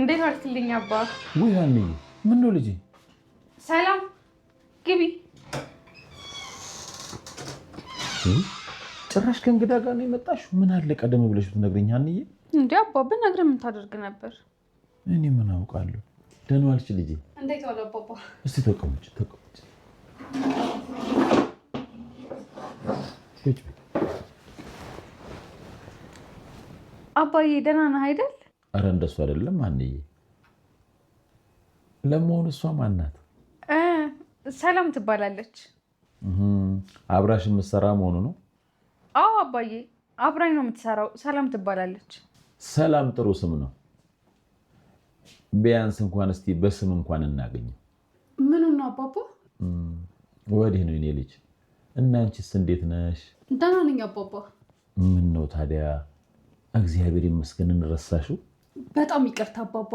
እንዴት ዋልክልኝ አባ? ውይ ሀኒዬ፣ ነው ልጄ? ሰላም ግቢ። ጭራሽ ከእንግዳ ጋር ነው የመጣሽ? ምን አለ ቀደም ብለሽ ብትነግሪኝ ሀኒዬ። እንዴ አባ ብነግርህ ምን ታደርግ ነበር? እኔ ምን አውቃለሁ። ደህና ዋልሽ ልጄ? እንዴት ዋለ አባባ? እስቲ ተቀመጭ፣ ተቀመጭ። አባዬ ደህና ነህ አይደል? እረ እንደሱ አይደለም ማንዬ ለመሆኑ እሷ ማን ናት? ሰላም ትባላለች። አብራሽ የምትሰራ መሆኑ ነው? አዎ አባዬ፣ አብራኝ ነው የምትሰራው። ሰላም ትባላለች። ሰላም ጥሩ ስም ነው። ቢያንስ እንኳን እስቲ በስም እንኳን እናገኘው። ምኑ ነው አባቦ? ወዲህ ነው የኔ ልጅ። እናንቺስ እንዴት ነሽ? ደህና ነኝ አባባ። ምን ነው ታዲያ እግዚአብሔር ይመስገን እንረሳሽው? በጣም ይቅርታ አባባ፣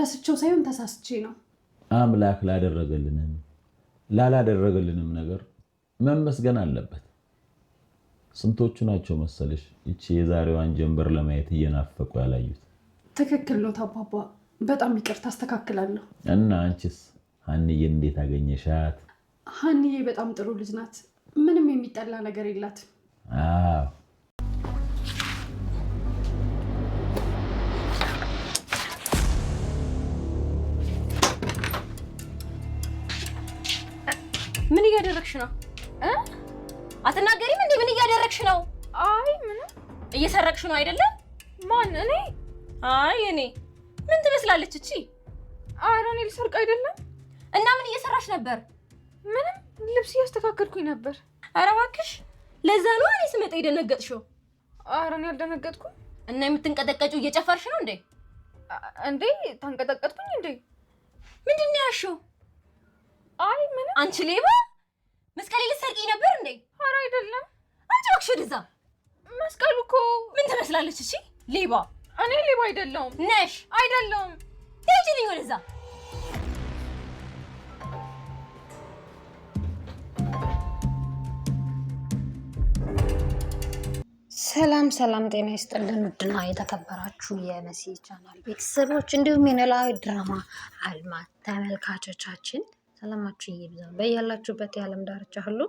ረስቸው ሳይሆን ተሳስቼ ነው። አምላክ ላደረገልንም ላላደረገልንም ነገር መመስገን አለበት። ስንቶቹ ናቸው መሰለሽ ይቺ የዛሬዋን ጀንበር ለማየት እየናፈቁ ያላዩት። ትክክል ነው አባባ፣ በጣም ይቅርታ አስተካክላለሁ። እና አንቺስ ሀንዬን እንዴት አገኘሻት? ሀንዬ በጣም ጥሩ ልጅ ናት። ምንም የሚጠላ ነገር የላትም። እያደረግሽ ነው? አትናገሪም እንዴ? ምን እያደረግሽ ነው? አይ ምንም። እየሰረቅሽ ነው አይደለም? ማን? እኔ? አይ እኔ። ምን ትመስላለች እቺ? አሮን እኔ ልሰርቅ አይደለም። እና ምን እየሰራሽ ነበር? ምንም፣ ልብስ እያስተካከልኩኝ ነበር። ኧረ እባክሽ፣ ለዛ ነው እኔ ስመጣ የደነገጥሽው። ኧረ እኔ አልደነገጥኩም። እና የምትንቀጠቀጩ እየጨፈርሽ ነው እንዴ? እንዴ ታንቀጠቀጥኩኝ እንዴ? ምንድን ነው ያልሽው? አይ ምንም። አንቺ ሌባ መስቀሌ ልትሰርቂኝ ነበር እንዴ? ኧረ አይደለም። አንቺ እባክሽ ወደዛ። መስቀሉ እኮ ምን ትመስላለች? እሺ ሌባ። እኔ ሌባ አይደለሁም። ነሽ? አይደለሁም። ሂጂልኝ ወደዛ። ሰላም ሰላም፣ ጤና ይስጥልን ውድና የተከበራችሁ የመሲ ቻናል ቤተሰቦች እንዲሁም የኖላዊ ድራማ አልማዝ ተመልካቾቻችን ሰላማችሁ ይብዛ በያላችሁበት የዓለም ዳርቻ ሁሉ።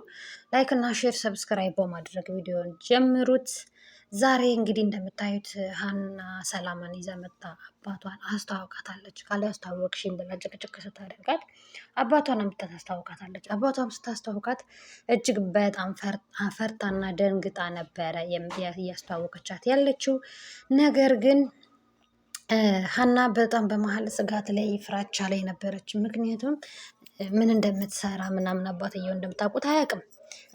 ላይክ እና ሼር ሰብስክራይብ በማድረግ ቪዲዮን ጀምሩት። ዛሬ እንግዲህ እንደምታዩት ሀና ሰላምን ይዛ መጣ። አባቷን አስተዋውቃታለች። ካላስተዋወቅሽኝ ብላ ጭቅጭቅ ስታደርጋት አባቷን አምጥታ ታስተዋውቃታለች። አባቷም ስታስተዋውቃት እጅግ በጣም ፈርታና ደንግጣ ነበረ እያስተዋወቀቻት ያለችው ነገር ግን ሀና በጣም በመሀል ስጋት ላይ ፍራቻ ላይ ነበረች። ምክንያቱም ምን እንደምትሰራ ምናምን አባትየው እንደምታውቁት አያውቅም።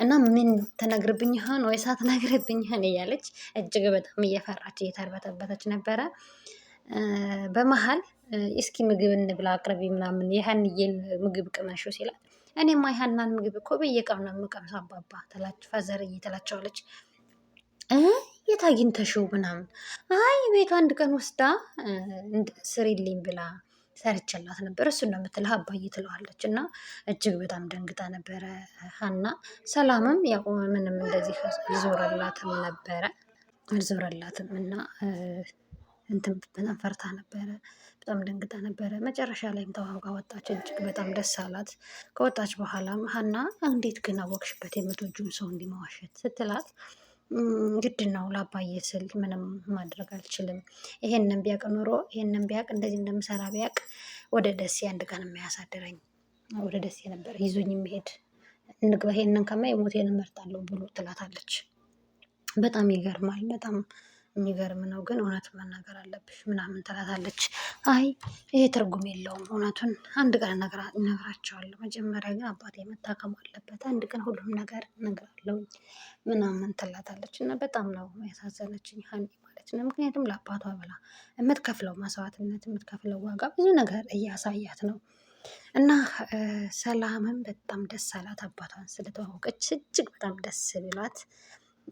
እና ምን ተነግርብኝ ይሆን ወይስ አትነግርብኝ ይሆን እያለች እጅግ በጣም እየፈራች እየተርበተበተች ነበረ። በመሀል እስኪ ምግብ እንብላ አቅርቢ ምናምን የሀንዬን ምግብ ቅመሹ ሲላል እኔማ የሀናን ምግብ እኮ በየቀኑ ነው የምቀምሰው አባባ ትላቸው ፋዘርዬ ትላቸዋለች። የት አግኝተሽው ምናምን አይ ቤቷ አንድ ቀን ወስዳ ስሪልኝ ብላ ሰርችላት ነበር። እሱ ነው የምትልህ አባዬ ትለዋለች እና እጅግ በጣም ደንግጣ ነበረ ሀና። ሰላምም ያው ምንም እንደዚህ ዞረላትም ነበረ አልዞረላትም እና እንትን በጣም ፈርታ ነበረ። በጣም ደንግጣ ነበረ። መጨረሻ ላይም ተዋጋ ወጣች። እጅግ በጣም ደስ አላት። ከወጣች በኋላም ሀና እንዴት ግን አወቅሽበት የምትወጂውን ሰው እንዲመዋሸት ስትላት ግድ ነው ላባዬ ስል ምንም ማድረግ አልችልም። ይሄንን ቢያቅ ኑሮ ይሄንን ቢያቅ እንደዚህ እንደምሰራ ቢያቅ ወደ ደሴ አንድ ቀን የሚያሳድረኝ ወደ ደሴ ነበር ይዞኝ የሚሄድ እንግባ፣ ይሄንን ከማ የሞቴን እመርጣለሁ ብሎ ትላታለች። በጣም ይገርማል በጣም የሚገርም ነው ግን እውነት መናገር አለብሽ ምናምን ትላታለች። አይ ይህ ትርጉም የለውም እውነቱን አንድ ቀን እነግራቸዋለሁ። መጀመሪያ ግን አባቴ መታከም አለበት፣ አንድ ቀን ሁሉም ነገር እነግራለሁ ምናምን ትላታለች። እና በጣም ነው ያሳዘነችኝ ሀኒ ማለት ነው። ምክንያቱም ለአባቷ ብላ የምትከፍለው መስዋዕትነት የምትከፍለው ዋጋ ብዙ ነገር እያሳያት ነው እና ሰላምም በጣም ደስ አላት አባቷን ስለተዋወቀች እጅግ በጣም ደስ ብሏት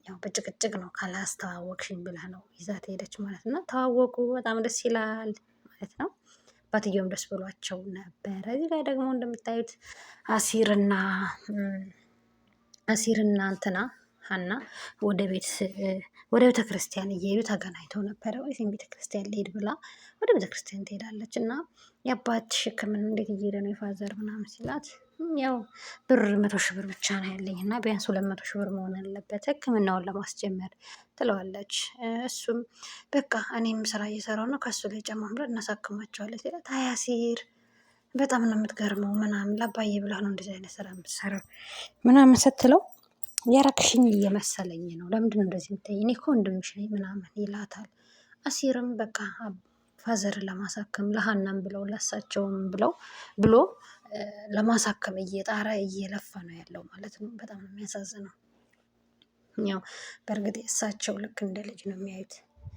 ያው በጭቅጭቅ ነው ካላስተዋወቅሽኝ ብላ ነው ይዛት ሄደች ማለት ነው። ተዋወቁ፣ በጣም ደስ ይላል ማለት ነው። አባትየውም ደስ ብሏቸው ነበረ። እዚህ ጋር ደግሞ እንደምታዩት አሲርና አሲርና እንትና ሀና ወደ ቤት ወደ ቤተ ክርስቲያን እየሄዱ ተገናኝተው ነበረ። ወይም ቤተ ክርስቲያን ልሄድ ብላ ወደ ቤተ ክርስቲያን ትሄዳለች እና የአባት ሽክምን እንዴት እየሄደ ነው የፋዘር ምናምን ሲላት፣ ያው ብር መቶ ሺህ ብር ብቻ ነው ያለኝ እና ቢያንስ ሁለት መቶ ሺህ ብር መሆን አለበት ህክምናውን ለማስጀመር ትለዋለች። እሱም በቃ እኔም ስራ እየሰራው ነው ከሱ ላይ ጨማምረ እናሳክማቸዋለን ሲላት፣ አያሲር በጣም ነው የምትገርመው ምናምን ለአባዬ ብላ ነው እንደዚህ አይነት ስራ የምትሰራው ምናምን ስትለው የረክሽኝ እየመሰለኝ ነው ለምንድን ነው እንደዚህ የምታይ? እኔ እኮ ወንድምሽ ነኝ ምናምን ይላታል። አሲርም በቃ ፋዘር ለማሳከም ለሀናም ብለው ለሳቸውም ብለው ብሎ ለማሳከም እየጣረ እየለፋ ነው ያለው ማለት ነው። በጣም የሚያሳዝነው ያው በእርግጥ እሳቸው ልክ እንደ ልጅ ነው የሚያዩት።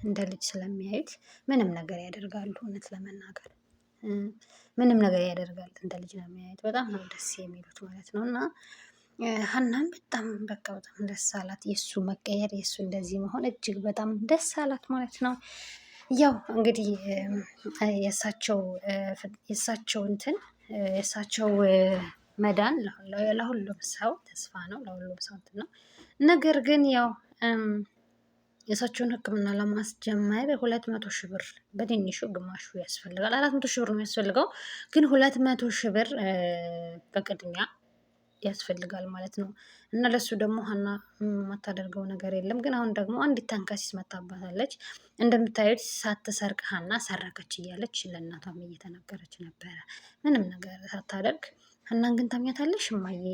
እንደ ልጅ ስለሚያዩት ምንም ነገር ያደርጋሉ። እውነት ለመናገር ምንም ነገር ያደርጋል። እንደ ልጅ ነው የሚያዩት። በጣም ነው ደስ የሚሉት ማለት ነው እና ሀናም በጣም በቃ በጣም ደስ አላት። የእሱ መቀየር የእሱ እንደዚህ መሆን እጅግ በጣም ደስ አላት ማለት ነው። ያው እንግዲህ የእሳቸው የእሳቸው እንትን የእሳቸው መዳን ለሁሉም ሰው ተስፋ ነው፣ ለሁሉም ሰው እንትን ነው። ነገር ግን ያው የእሳቸውን ሕክምና ለማስጀመር ሁለት መቶ ሺህ ብር በትንሹ ግማሹ ያስፈልጋል። አራት መቶ ሺህ ብር ነው የሚያስፈልገው፣ ግን ሁለት መቶ ሺህ ብር በቅድሚያ ያስፈልጋል ማለት ነው። እና ለሱ ደግሞ ሀና የማታደርገው ነገር የለም። ግን አሁን ደግሞ አንዲት ተንከሲስ መታባታለች። እንደምታዩት ሳትሰርቅ ሀና ሰረቀች እያለች ለእናቷም እየተናገረች ነበረ። ምንም ነገር ሳታደርግ ሀናን ግን ታምኛታለሽ እማዬ።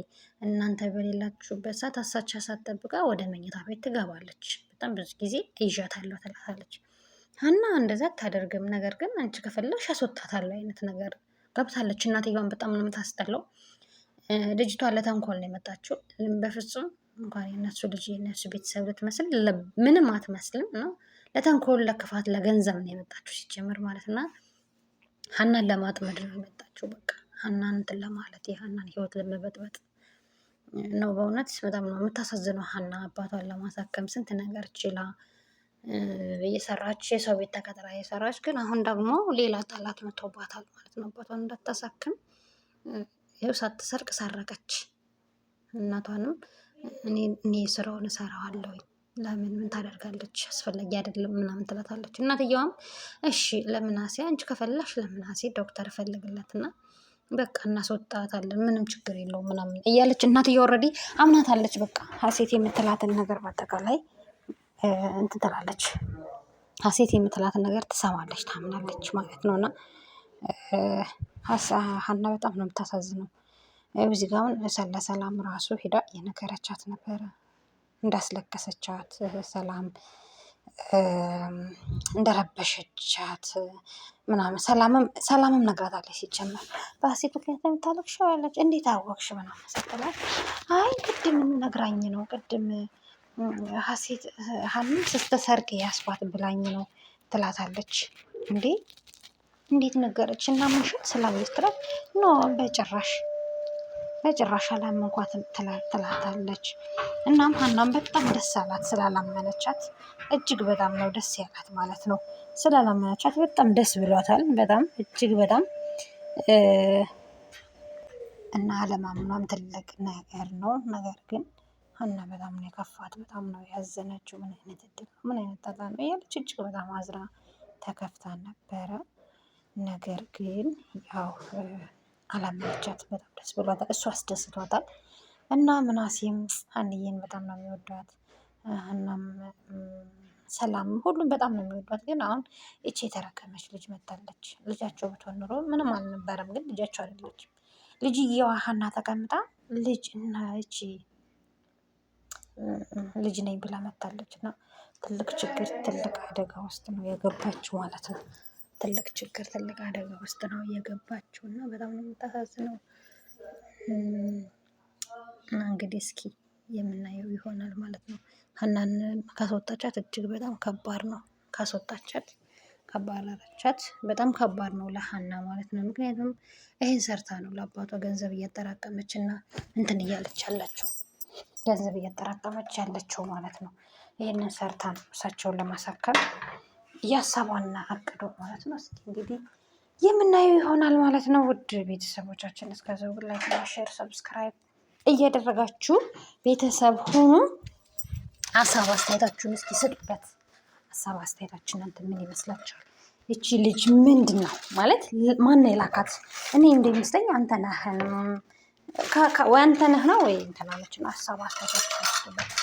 እናንተ በሌላችሁበት ሰዓት አሳቻ ሳትጠብቃ ወደ መኝታ ቤት ትገባለች። በጣም ብዙ ጊዜ እዣታለሁ ትላታለች። ሀና እንደዛ አታደርግም። ነገር ግን አንቺ ከፈለሽ ያስወጣታለሁ አይነት ነገር ገብታለች። እናትየዋን በጣም ነው የምታስጠላው። ልጅቷ ለተንኮል ነው የመጣችው። በፍጹም እንኳን የነሱ ልጅ የነሱ ቤተሰብ ልትመስል ምንም አትመስልም ነው። ለተንኮል፣ ለክፋት፣ ለገንዘብ ነው የመጣችው ሲጀምር ማለት እና ሀናን ለማጥመድ ነው የመጣችው። በቃ ሀናን እንትን ለማለት የሀናን ህይወት ለመበጥበጥ ነው። በእውነት በጣም ነው የምታሳዝነው ሀና አባቷን ለማሳከም ስንት ነገር ችላ እየሰራች የሰው ቤት ተቀጥራ እየሰራች ግን አሁን ደግሞ ሌላ ጠላት መቶባታል ማለት ነው። አባቷን እንዳታሳክም ያው ሳትሰርቅ ሰረቀች። እናቷንም እኔ ስራውን እሰራዋለሁኝ ለምን ምን ታደርጋለች አስፈላጊ አይደለም ምናምን ትላታለች። እናትየዋም እሺ ለምናሴ አንቺ ከፈላሽ ለምናሴ ዶክተር ፈልግለትና በቃ እናስወጣታለን ምንም ችግር የለውም ምናምን እያለች እናትየው ኦልሬዲ አምናታለች። በቃ ሀሴት የምትላትን ነገር በአጠቃላይ እንትን ትላለች። ሀሴት የምትላትን ነገር ትሰማለች፣ ታምናለች ማለት ነው እና ሀና በጣም ነው የምታሳዝነው። እዚህ ጋ አሁን ለሰላም ራሱ ሄዳ የነገረቻት ነበረ እንዳስለቀሰቻት ሰላም እንደረበሸቻት ምናምን ሰላምም ሰላምም ነግራታለች። ሲጀመር በሴት ምክንያት ነው የምታለቅሽው ያለች እንዴት አወቅሽ ምናምን ስትላት አይ ቅድም ነግራኝ ነው ቅድም ሀሴት ሀንም ስትሰርግ ያስባት ብላኝ ነው ትላታለች። እንዴ እንዴት ነገረች እና ምንሽን ስላየት ትላት ኖ በጭራሽ በጭራሽ አላመንኳትም ትላታለች። እናም ሀናም በጣም ደስ አላት ስላላመነቻት፣ እጅግ በጣም ነው ደስ ያላት ማለት ነው። ስላላመነቻት በጣም ደስ ብሏታል። በጣም እጅግ በጣም እና አለማምኗም ትልቅ ነገር ነው። ነገር ግን ሀና በጣም ነው የከፋት፣ በጣም ነው ያዘነችው። ምን አይነት እድል፣ ምን አይነት ጠላ ነው እያለች እጅግ በጣም አዝራ ተከፍታ ነበረ። ነገር ግን ያው አላመቻት። በጣም ደስ ብሏታል፣ እሱ አስደስቷታል። እና ምናሴም ሀንዬን በጣም ነው የሚወዷት። እናም ሰላም ሁሉም በጣም ነው የሚወዷት። ግን አሁን እቺ የተረከመች ልጅ መታለች። ልጃቸው ብትሆን ኑሮ ምንም አልነበረም። ግን ልጃቸው አይደለችም። ልጅየዋ ሀና ተቀምጣ ልጅ እና እቺ ልጅ ነኝ ብላ መታለች እና ትልቅ ችግር፣ ትልቅ አደጋ ውስጥ ነው የገባችው ማለት ነው። ትልቅ ችግር ትልቅ አደጋ ውስጥ ነው እየገባችው እና በጣም ነው የምታሳዝነው። እንግዲህ እስኪ የምናየው ይሆናል ማለት ነው። ሀናን ካስወጣቻት እጅግ በጣም ከባድ ነው። ካስወጣቻት ካባረረቻት በጣም ከባድ ነው ለሀና ማለት ነው። ምክንያቱም ይህን ሰርታ ነው ለአባቷ ገንዘብ እያጠራቀመች እና እንትን እያለች ያለችው ገንዘብ እያጠራቀመች ያለችው ማለት ነው። ይህንን ሰርታ ነው እሳቸውን ለማሳከም እያሰቧና አቅዶ ማለት ነው። እስኪ እንግዲህ የምናየው ይሆናል ማለት ነው። ውድ ቤተሰቦቻችን እስከዚያው ላይክ፣ ሼር፣ ሰብስክራይብ እያደረጋችሁ ቤተሰብ ሁኑ። ሀሳብ አስተያየታችሁን እስኪ ስጡበት። ሀሳብ አስተያየታችን አንተ ምን ይመስላችኋል? ይቺ ልጅ ምንድን ነው ማለት ማን የላካት? እኔ እንደሚመስለኝ አንተ ነህን ወይ አንተ ነህ ነው ወይ እንትን አለች ነው። ሀሳብ አስተያየታችሁ ስጡበት።